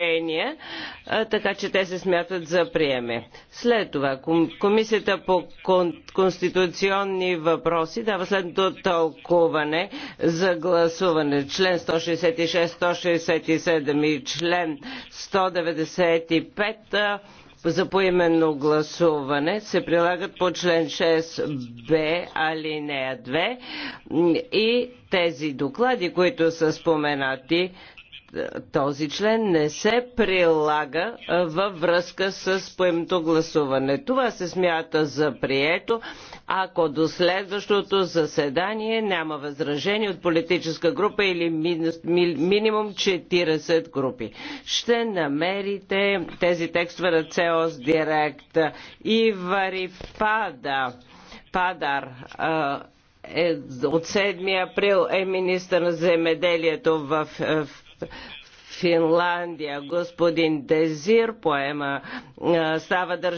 изменения, така че те се смятат за приеме. След това Комисията по конституционни въпроси дава следното тълкуване за гласуване. Член 166, 167 и член 195 за поименно гласуване се прилагат по член 6б алинея 2 и тези доклади, които са споменати този член не се прилага във връзка с поемното гласуване. Това се смята за прието, ако до следващото заседание няма възражение от политическа група или минимум 40 групи. Ще намерите тези текстове на ЦОС Директ и Варифада. Падар е, от 7 април е министър на земеделието в, е, в Финландия. Господин Дезир поема е, става държава